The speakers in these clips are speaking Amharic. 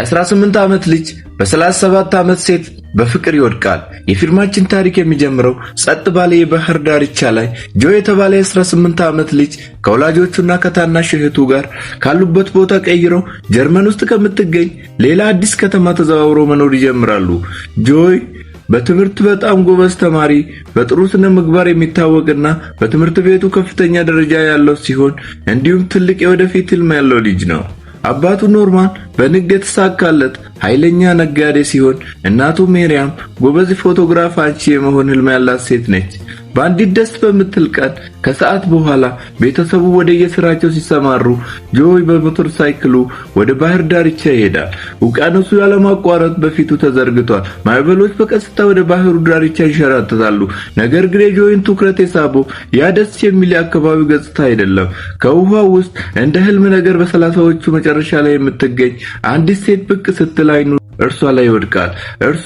የ18 ዓመት ልጅ በ37 ዓመት ሴት በፍቅር ይወድቃል። የፊልማችን ታሪክ የሚጀምረው ጸጥ ባለ የባህር ዳርቻ ላይ ጆ የተባለ የ18 ዓመት ልጅ ከወላጆቹና ከታናሽ እህቱ ጋር ካሉበት ቦታ ቀይረው ጀርመን ውስጥ ከምትገኝ ሌላ አዲስ ከተማ ተዘዋውረው መኖር ይጀምራሉ። ጆይ በትምህርት በጣም ጎበዝ ተማሪ፣ በጥሩ ስነ ምግባር የሚታወቅና በትምህርት ቤቱ ከፍተኛ ደረጃ ያለው ሲሆን እንዲሁም ትልቅ የወደፊት ህልም ያለው ልጅ ነው። አባቱ ኖርማን በንግድ የተሳካለት ኃይለኛ ነጋዴ ሲሆን እናቱ ሜሪያም ጎበዝ ፎቶግራፍ አንቺ የመሆን ህልም ያላት ሴት ነች። በአንዲት ደስ በምትል ቀን ከሰዓት በኋላ ቤተሰቡ ወደ የስራቸው ሲሰማሩ ጆይ በሞተር ሳይክሉ ወደ ባህር ዳርቻ ይሄዳል። ውቅያኖሱ ያለማቋረጥ በፊቱ ተዘርግቷል። ማዕበሎች በቀስታ ወደ ባህሩ ዳርቻ ይንሸራተታሉ። ነገር ግን የጆይን ትኩረት የሳበው ያ ደስ የሚል የአካባቢው ገጽታ አይደለም። ከውሃ ውስጥ እንደ ህልም ነገር በሰላሳዎቹ መጨረሻ ላይ የምትገኝ አንዲት ሴት ብቅ ስትል አይኑ እርሷ ላይ ይወድቃል። እርሷ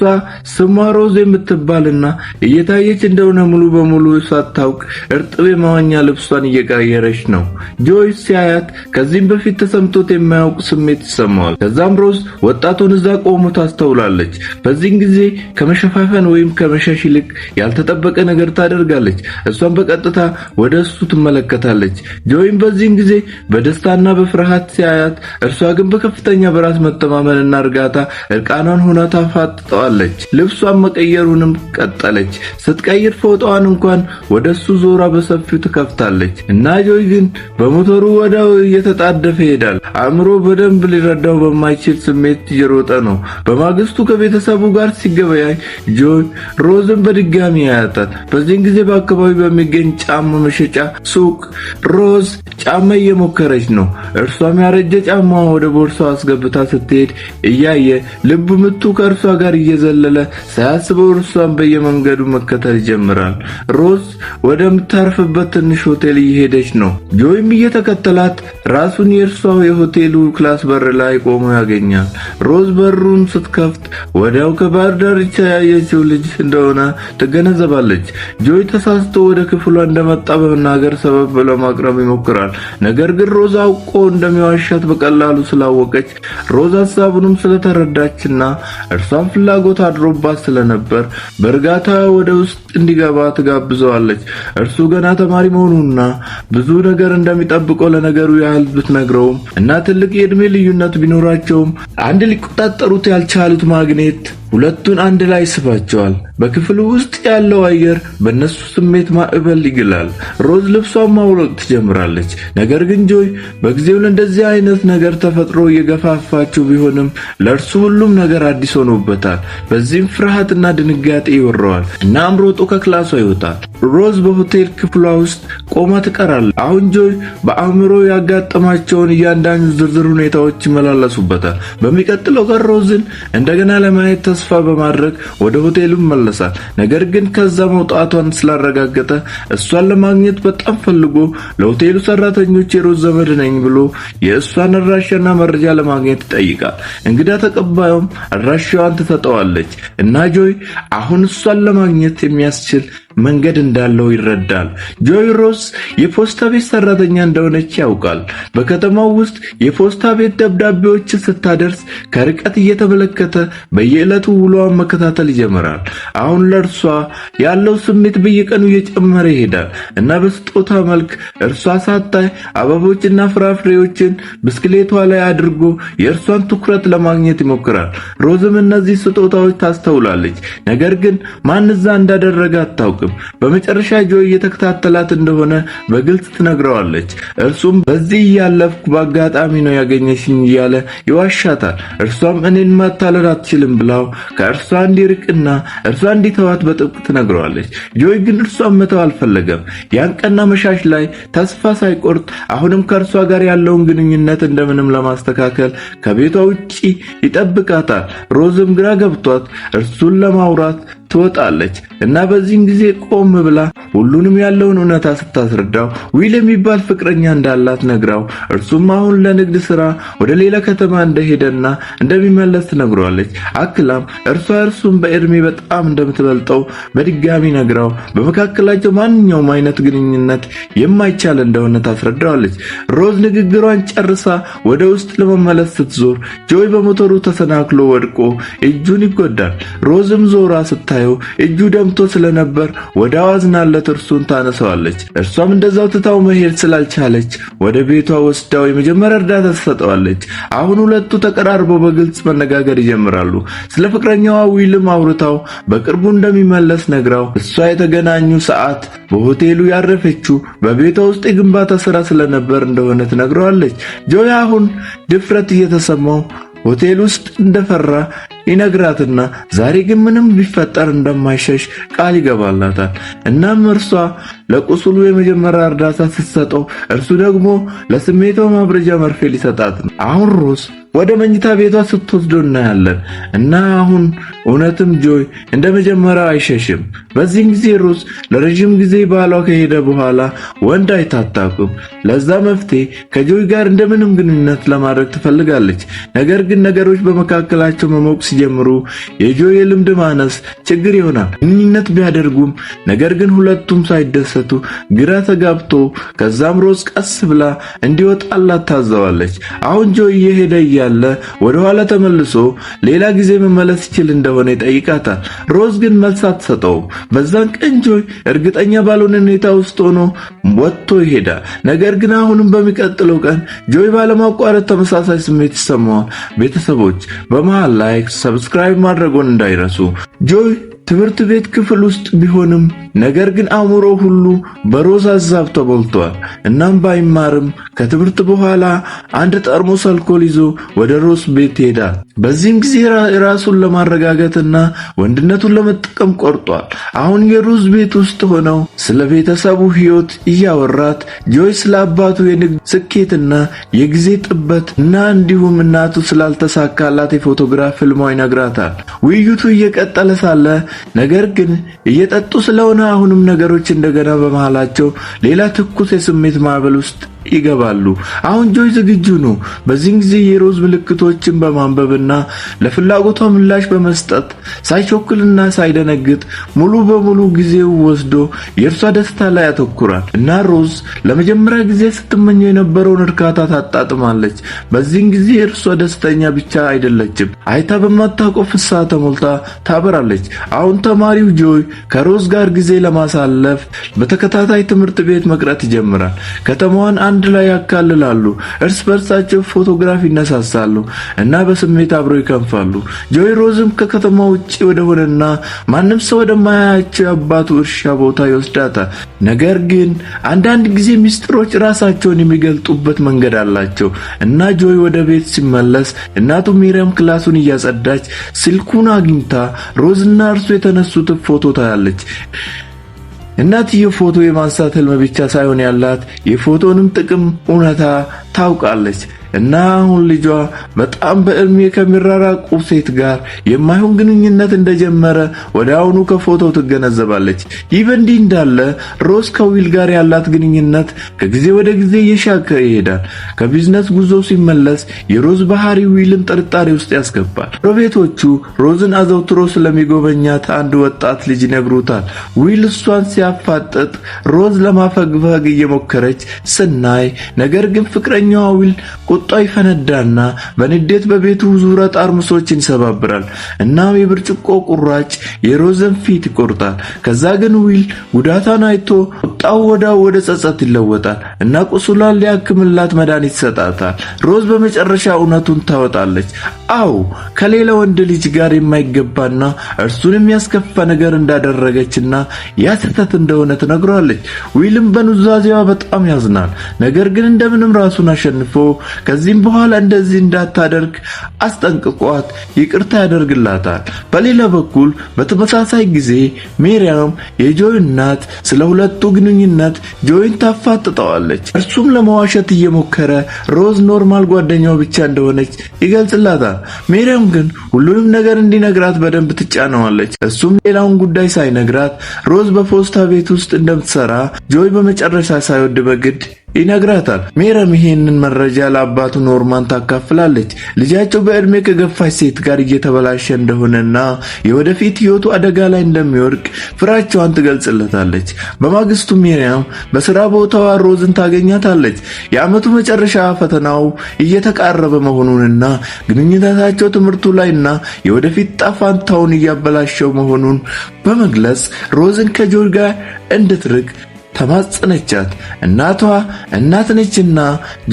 ስሟ ሮዝ የምትባልና እየታየች እንደሆነ ሙሉ በሙሉ ሳታውቅ እርጥብ የመዋኛ ልብሷን እየቀየረች ነው። ጆይስ ሲያያት ከዚህም በፊት ተሰምቶት የማያውቅ ስሜት ይሰማዋል። ከዛም ሮዝ ወጣቱን እዛ ቆሞ ታስተውላለች። በዚህን ጊዜ ከመሸፋፈን ወይም ከመሸሽ ይልቅ ያልተጠበቀ ነገር ታደርጋለች። እሷን በቀጥታ ወደ እሱ ትመለከታለች። ጆይም በዚህን ጊዜ በደስታና በፍርሃት ሲያያት፣ እርሷ ግን በከፍተኛ በራስ መተማመንና እርጋታ እርቃኗን ሆና ታፋጥጠዋለች። ልብሷን መቀየሩንም ቀጠለች። ስትቀይር ፎጣዋን እንኳን ወደ እሱ ዞራ በሰፊው ትከፍታለች። እና ጆይ ግን በሞተሩ ወዳው እየተጣደፈ ይሄዳል። አእምሮ በደንብ ሊረዳው በማይችል ስሜት እየሮጠ ነው። በማግስቱ ከቤተሰቡ ጋር ሲገበያይ ጆይ ሮዝን በድጋሚ ያያታል። በዚህን ጊዜ በአካባቢ በሚገኝ ጫማ መሸጫ ሱቅ ሮዝ ጫማ እየሞከረች ነው። እርሷም ያረጀ ጫማ ወደ ቦርሳው አስገብታ ስትሄድ እያየ ልብ ምቱ ከእርሷ ጋር እየዘለለ ሳያስበው እርሷን በየመንገዱ መከተል ይጀምራል። ሮዝ ወደምታርፍበት ትንሽ ሆቴል እየሄደች ነው። ጆይም እየተከተላት ራሱን የእርሷ የሆቴሉ ክላስ በር ላይ ቆሞ ያገኛል። ሮዝ በሩን ስትከፍት ወዲያው ከባህር ዳርቻ ያየችው ልጅ እንደሆነ ትገነዘባለች። ጆይ ተሳስቶ ወደ ክፍሏ እንደመጣ በመናገር ሰበብ ለማቅረብ ይሞክራል። ነገር ግን ሮዝ አውቆ እንደሚዋሻት በቀላሉ ስላወቀች ሮዝ ሀሳቡንም ስለተረዳች ነበረችና እርሷም ፍላጎት አድሮባት ስለነበር በእርጋታ ወደ ውስጥ እንዲገባ ትጋብዘዋለች። እርሱ ገና ተማሪ መሆኑና ብዙ ነገር እንደሚጠብቀው ለነገሩ ያህል ብትነግረውም እና ትልቅ የእድሜ ልዩነት ቢኖራቸውም አንድ ሊቆጣጠሩት ያልቻሉት ማግኔት ሁለቱን አንድ ላይ ስባቸዋል። በክፍሉ ውስጥ ያለው አየር በእነሱ ስሜት ማዕበል ይግላል። ሮዝ ልብሷን ማውለቅ ትጀምራለች። ነገር ግን ጆይ በጊዜው ለእንደዚህ አይነት ነገር ተፈጥሮ እየገፋፋችው ቢሆንም ለእርሱ ሁሉም ነገር አዲስ ሆኖበታል። በዚህም ፍርሃትና ድንጋጤ ይወረዋል። እናም ሮጦ ከክላሷ ይወጣል። ሮዝ በሆቴል ክፍሏ ውስጥ ቆማ ትቀራለች። አሁን ጆይ በአእምሮ ያጋጠማቸውን እያንዳንዱ ዝርዝር ሁኔታዎች ይመላለሱበታል። በሚቀጥለው ቀን ሮዝን እንደገና ለማየት ተስፋ በማድረግ ወደ ሆቴሉ ይመለሳል። ነገር ግን ከዛ መውጣቷን ስላረጋገጠ እሷን ለማግኘት በጣም ፈልጎ ለሆቴሉ ሰራተኞች የሮዝ ዘመድ ነኝ ብሎ የእሷን አድራሻና መረጃ ለማግኘት ይጠይቃል። እንግዳ ተቀባዩም አድራሻዋን ትሰጠዋለች እና ጆይ አሁን እሷን ለማግኘት የሚያስችል መንገድ እንዳለው ይረዳል። ጆይ ሮዝ የፖስታ ቤት ሰራተኛ እንደሆነች ያውቃል። በከተማው ውስጥ የፖስታ ቤት ደብዳቤዎችን ስታደርስ ከርቀት እየተመለከተ በየዕለቱ ውሏን መከታተል ይጀምራል። አሁን ለእርሷ ያለው ስሜት በየቀኑ እየጨመረ ይሄዳል እና በስጦታ መልክ እርሷ ሳታይ አበቦችና ፍራፍሬዎችን ብስክሌቷ ላይ አድርጎ የእርሷን ትኩረት ለማግኘት ይሞክራል። ሮዝም እነዚህ ስጦታዎች ታስተውላለች፣ ነገር ግን ማን እዛ እንዳደረገ አታውቅም። አታውቅም። በመጨረሻ ጆ እየተከታተላት እንደሆነ በግልጽ ትነግረዋለች። እርሱም በዚህ እያለፍኩ በአጋጣሚ ነው ያገኘሽኝ እያለ ይዋሻታል። እርሷም እኔን ማታለል አትችልም ብላው ከእርሷ እንዲርቅና እርሷ እንዲተዋት በጥብቅ ትነግረዋለች። ጆይ ግን እርሷን መተው አልፈለገም። ያን ቀና መሻሽ ላይ ተስፋ ሳይቆርጥ አሁንም ከእርሷ ጋር ያለውን ግንኙነት እንደምንም ለማስተካከል ከቤቷ ውጪ ይጠብቃታል። ሮዝም ግራ ገብቷት እርሱን ለማውራት ትወጣለች እና በዚህን ጊዜ ቆም ብላ ሁሉንም ያለውን እውነታ ስታስረዳው ዊል የሚባል ፍቅረኛ እንዳላት ነግራው እርሱም አሁን ለንግድ ስራ ወደ ሌላ ከተማ እንደሄደና እንደሚመለስ ትነግሯለች። አክላም እርሷ እርሱም በእድሜ በጣም እንደምትበልጠው በድጋሚ ነግራው በመካከላቸው ማንኛውም አይነት ግንኙነት የማይቻል እንደሆነ ታስረዳዋለች። ሮዝ ንግግሯን ጨርሳ ወደ ውስጥ ለመመለስ ስትዞር ጆይ በሞተሩ ተሰናክሎ ወድቆ እጁን ይጎዳል። ሮዝም ዞራ ስታይ ስታየው እጁ ደምቶ ስለነበር ወደ አዋዝናለት እርሱን ታነሳዋለች። እርሷም እንደዛው ትታው መሄድ ስላልቻለች ወደ ቤቷ ወስዳው የመጀመሪያ እርዳታ ትሰጠዋለች። አሁን ሁለቱ ተቀራርበው በግልጽ መነጋገር ይጀምራሉ። ስለ ፍቅረኛዋ ዊልም አውርታው በቅርቡ እንደሚመለስ ነግራው እሷ የተገናኙ ሰዓት በሆቴሉ ያረፈችው በቤቷ ውስጥ የግንባታ ስራ ስለነበር እንደሆነ ትነግረዋለች። ጆያ አሁን ድፍረት እየተሰማው ሆቴል ውስጥ እንደፈራ ይነግራትና ዛሬ ግን ምንም ቢፈጠር እንደማይሸሽ ቃል ይገባላታል። እናም እርሷ ለቁስሉ የመጀመሪያ እርዳታ ስትሰጠው፣ እርሱ ደግሞ ለስሜቷ ማብረጃ መርፌ ሊሰጣት ነው። አሁን ሮዝ ወደ መኝታ ቤቷ ስትወስዶ እናያለን እና አሁን እውነትም ጆይ እንደ መጀመሪያው አይሸሽም። በዚህም ጊዜ ሩዝ ለረዥም ጊዜ ባሏ ከሄደ በኋላ ወንድ አይታጣቁም። ለዛ መፍትሄ ከጆይ ጋር እንደምንም ግንኙነት ለማድረግ ትፈልጋለች። ነገር ግን ነገሮች በመካከላቸው መሞቅ ሲጀምሩ የጆይ የልምድ ማነስ ችግር ይሆናል። ግንኙነት ቢያደርጉም ነገር ግን ሁለቱም ሳይደሰቱ ግራ ተጋብቶ ከዛም ሮዝ ቀስ ብላ እንዲወጣላት ታዘዋለች። አሁን ጆይ እየሄደ እያለ ወደ ኋላ ተመልሶ ሌላ ጊዜ መመለስ ይችል እንደሆነ ይጠይቃታል። ሮዝ ግን መልስ አትሰጠውም። በዛን ቅንጆይ እርግጠኛ ባልሆነ ሁኔታ ውስጥ ሆኖ ወጥቶ ይሄዳል። ነገር ግን አሁንም በሚቀጥለው ቀን ጆይ ባለማቋረጥ ተመሳሳይ ስሜት ይሰማዋል። ቤተሰቦች በመሃል ላይክ ሰብስክራይብ ማድረጎን እንዳይረሱ ጆይ ትምህርት ቤት ክፍል ውስጥ ቢሆንም ነገር ግን አእምሮ ሁሉ በሮዝ ዛብ ተሞልቷል። እናም ባይማርም ከትምህርት በኋላ አንድ ጠርሙስ አልኮል ይዞ ወደ ሮዝ ቤት ይሄዳል። በዚህም ጊዜ ራሱን ለማረጋጋትና ወንድነቱን ለመጠቀም ቆርጧል። አሁን የሮዝ ቤት ውስጥ ሆነው ስለ ቤተሰቡ ሕይወት እያወራት ጆይ ስለ አባቱ የንግድ ስኬትና የጊዜ ጥበት እና እንዲሁም እናቱ ስላልተሳካላት የፎቶግራፍ ህልሟ ይነግራታል። ውይይቱ እየቀጠለ ሳለ ነገር ግን እየጠጡ ስለሆነ አሁንም ነገሮች እንደገና በመሃላቸው ሌላ ትኩስ የስሜት ማዕበል ውስጥ ይገባሉ። አሁን ጆይ ዝግጁ ነው። በዚህን ጊዜ የሮዝ ምልክቶችን በማንበብና ለፍላጎቷ ምላሽ በመስጠት ሳይቸኩልና ሳይደነግጥ ሙሉ በሙሉ ጊዜው ወስዶ የእርሷ ደስታ ላይ ያተኩራል እና ሮዝ ለመጀመሪያ ጊዜ ስትመኘው የነበረውን እርካታ ታጣጥማለች። በዚህን ጊዜ እርሷ ደስተኛ ብቻ አይደለችም፣ አይታ በማታውቀው ፍሳ ተሞልታ ታበራለች። አሁን ተማሪው ጆይ ከሮዝ ጋር ጊዜ ለማሳለፍ በተከታታይ ትምህርት ቤት መቅረት ይጀምራል። ከተማዋን አንድ አንድ ላይ ያካልላሉ። እርስ በርሳቸው ፎቶግራፍ ይነሳሳሉ እና በስሜት አብረው ይከንፋሉ። ጆይ ሮዝም ከከተማ ውጭ ወደሆነና ማንም ሰው ወደማያያቸው የአባቱ እርሻ ቦታ ይወስዳታል። ነገር ግን አንዳንድ ጊዜ ሚስጥሮች ራሳቸውን የሚገልጡበት መንገድ አላቸው እና ጆይ ወደ ቤት ሲመለስ እናቱ ሚሪያም ክላሱን እያጸዳች ስልኩን አግኝታ ሮዝና እርሱ የተነሱትን ፎቶ ታያለች። እናትየው ፎቶ የማንሳት ህልም ብቻ ሳይሆን ያላት የፎቶንም ጥቅም እውነታ ታውቃለች እና አሁን ልጇ በጣም በእድሜ ከሚራራቁ ሴት ጋር የማይሆን ግንኙነት እንደጀመረ ወደ አሁኑ ከፎቶው ትገነዘባለች። ይህ በእንዲህ እንዳለ ሮዝ ከዊል ጋር ያላት ግንኙነት ከጊዜ ወደ ጊዜ እየሻከ ይሄዳል። ከቢዝነስ ጉዞ ሲመለስ የሮዝ ባህሪ ዊልን ጥርጣሬ ውስጥ ያስገባል። ጎረቤቶቹ ሮዝን አዘውትሮ ስለሚጎበኛት አንድ ወጣት ልጅ ይነግሩታል። ዊል እሷን ሲያፋጥጥ ሮዝ ለማፈግፈግ እየሞከረች ስናይ ነገር ግን ፍቅረ አንደኛው አዊል ቁጣ ይፈነዳና በንዴት በቤቱ ዙሪያ ጠርሙሶችን ይሰባብራል። እናም የብርጭቆ ቁራጭ የሮዘን ፊት ይቆርጣል። ከዛ ግን ዊል ጉዳታን አይቶ ቁጣው ወዳ ወደ ጸጸት ይለወጣል እና ቁስሏን ሊያክምላት መድኃኒት ይሰጣታል። ሮዝ በመጨረሻ እውነቱን ታወጣለች። አዎ ከሌላ ወንድ ልጅ ጋር የማይገባና እርሱን የሚያስከፋ ነገር እንዳደረገችና ያ ስህተት እንደሆነ ትነግሯለች። ዊልም በኑዛዜዋ በጣም ያዝናል። ነገር ግን እንደምንም ራሱን አሸንፎ ከዚህም በኋላ እንደዚህ እንዳታደርግ አስጠንቅቋት ይቅርታ ያደርግላታል። በሌላ በኩል በተመሳሳይ ጊዜ ሜሪያም የጆይ እናት ስለ ሁለቱ ግንኙነት ጆይን ታፋጥጠዋለች። እርሱም ለመዋሸት እየሞከረ ሮዝ ኖርማል ጓደኛው ብቻ እንደሆነች ይገልጽላታል። ሜሪያም ግን ሁሉንም ነገር እንዲነግራት በደንብ ትጫነዋለች። እሱም ሌላውን ጉዳይ ሳይነግራት ሮዝ በፖስታ ቤት ውስጥ እንደምትሰራ ጆይ በመጨረሻ ሳይወድ በግድ ይነግራታል። ሜረም ይሄንን መረጃ ለአባቱ ኖርማን ታካፍላለች። ልጃቸው በእድሜ ከገፋች ሴት ጋር እየተበላሸ እንደሆነና የወደፊት ህይወቱ አደጋ ላይ እንደሚወድቅ ፍራቸዋን ትገልጽለታለች። በማግስቱ ሜሪያም በስራ ቦታዋ ሮዝን ታገኛታለች። የአመቱ መጨረሻ ፈተናው እየተቃረበ መሆኑንና ግንኙነታቸው ትምህርቱ ላይና የወደፊት ጣፋንታውን እያበላሸው መሆኑን በመግለጽ ሮዝን ከጆል ጋር እንድትርቅ ተማጸነቻት። እናቷ እናት ነችና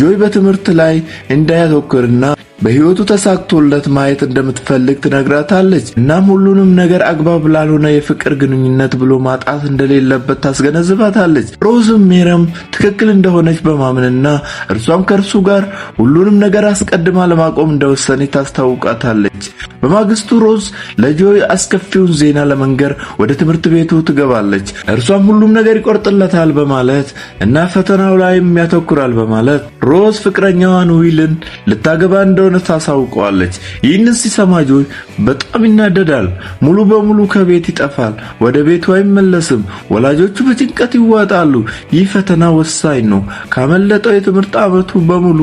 ጆይ በትምህርት ላይ እንዳያተኩርና በሕይወቱ ተሳክቶለት ማየት እንደምትፈልግ ትነግራታለች። እናም ሁሉንም ነገር አግባብ ላልሆነ የፍቅር ግንኙነት ብሎ ማጣት እንደሌለበት ታስገነዝባታለች። ሮዝም ሜረም ትክክል እንደሆነች በማመንና እርሷም ከእርሱ ጋር ሁሉንም ነገር አስቀድማ ለማቆም እንደወሰነች ታስታውቃታለች። በማግስቱ ሮዝ ለጆይ አስከፊውን ዜና ለመንገር ወደ ትምህርት ቤቱ ትገባለች። እርሷም ሁሉም ነገር ይቆርጥለታል በማለት እና ፈተናው ላይም ያተኩራል በማለት ሮዝ ፍቅረኛዋን ዊልን ልታገባ እንደሆነ ታሳውቀዋለች። ይህንን ሲሰማ ጆይ በጣም ይናደዳል። ሙሉ በሙሉ ከቤት ይጠፋል። ወደ ቤቱ አይመለስም። ወላጆቹ በጭንቀት ይዋጣሉ። ይህ ፈተና ወሳኝ ነው። ካመለጠው የትምህርት ዓመቱ በሙሉ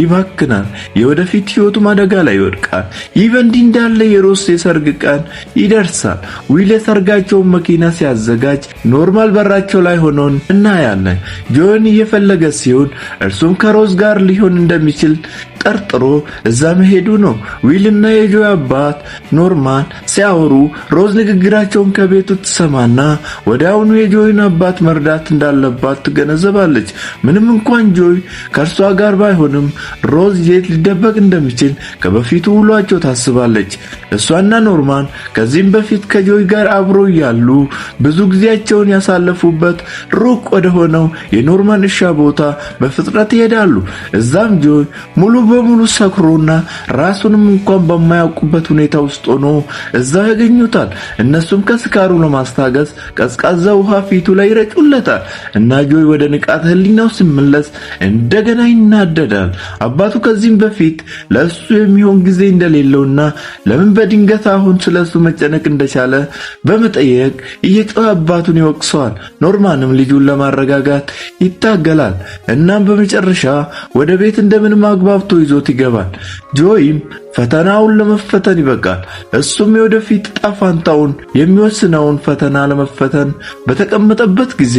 ይባክናል። የወደፊት ሕይወቱም አደጋ ላይ ይወድቃል። ይህ በእንዲህ ያለ የሮስ የሰርግ ቀን ይደርሳል። ዊል የሰርጋቸውን መኪና ሲያዘጋጅ ኖርማል በራቸው ላይ ሆኖን እናያለን። ጆን እየፈለገ ሲሆን እርሱም ከሮዝ ጋር ሊሆን እንደሚችል ጠርጥሮ እዛ መሄዱ ነው። ዊልና የጆ አባት ኖርማን ሲያወሩ ሮዝ ንግግራቸውን ከቤቱ ትሰማና ወዲያውኑ የጆይን አባት መርዳት እንዳለባት ትገነዘባለች። ምንም እንኳን ጆይ ከእርሷ ጋር ባይሆንም ሮዝ የት ሊደበቅ እንደሚችል ከበፊቱ ውሏቸው ታስባለች። ነበረች። እሷና ኖርማን ከዚህም በፊት ከጆይ ጋር አብሮ ያሉ ብዙ ጊዜያቸውን ያሳለፉበት ሩቅ ወደ ሆነው የኖርማን እርሻ ቦታ በፍጥነት ይሄዳሉ። እዛም ጆይ ሙሉ በሙሉ ሰክሮና ራሱንም እንኳን በማያውቁበት ሁኔታ ውስጥ ሆኖ እዛው ያገኙታል። እነሱም ከስካሩ ለማስታገስ ቀዝቃዛ ውሃ ፊቱ ላይ ይረጩለታል እና ጆይ ወደ ንቃተ ህሊናው ሲመለስ እንደገና ይናደዳል። አባቱ ከዚህም በፊት ለእሱ የሚሆን ጊዜ እንደሌለውና ለምን በድንገት አሁን ስለሱ መጨነቅ እንደቻለ በመጠየቅ እየጮኸ አባቱን ይወቅሰዋል። ኖርማንም ልጁን ለማረጋጋት ይታገላል። እናም በመጨረሻ ወደ ቤት እንደምንም አግባብቶ ይዞት ይገባል። ጆይም ፈተናውን ለመፈተን ይበቃል። እሱም የወደፊት ዕጣ የሚወስነውን ፈተና ለመፈተን በተቀመጠበት ጊዜ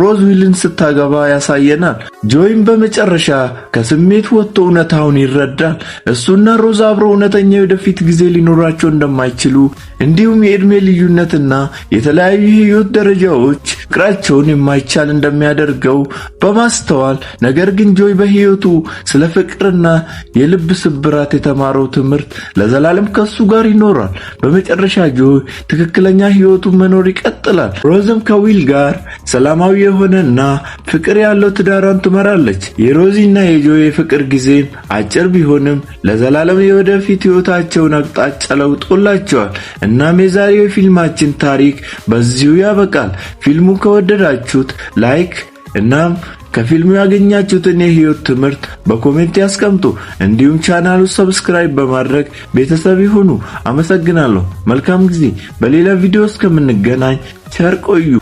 ሮዝ ዊልን ስታገባ ያሳየናል። ጆይም በመጨረሻ ከስሜት ወጥቶ እውነታውን ይረዳል። እሱና ሮዝ አብሮ እውነተኛ የወደፊት ጊዜ ሊኖራቸው እንደማይችሉ እንዲሁም የዕድሜ ልዩነትና የተለያዩ የህይወት ደረጃዎች ፍቅራቸውን የማይቻል እንደሚያደርገው በማስተዋል ነገር ግን ጆይ በህይወቱ ስለ ፍቅርና የልብ ስብራት የተማረው ትምህርት ለዘላለም ከሱ ጋር ይኖራል። በመጨረሻ ጆ ትክክለኛ ህይወቱን መኖር ይቀጥላል። ሮዝም ከዊል ጋር ሰላማዊ የሆነና ፍቅር ያለው ትዳሯን ትመራለች። የሮዚና የጆ የፍቅር ጊዜም አጭር ቢሆንም ለዘላለም የወደፊት ህይወታቸውን አቅጣጫ ለውጦላቸዋል። እናም የዛሬው ፊልማችን ታሪክ በዚሁ ያበቃል። ፊልሙ ከወደዳችሁት ላይክ እናም ከፊልሙ ያገኛችሁትን የህይወት ትምህርት በኮሜንት ያስቀምጡ። እንዲሁም ቻናሉ ሰብስክራይብ በማድረግ ቤተሰብ ይሁኑ። አመሰግናለሁ። መልካም ጊዜ። በሌላ ቪዲዮ እስከምንገናኝ ቸር ቆዩ።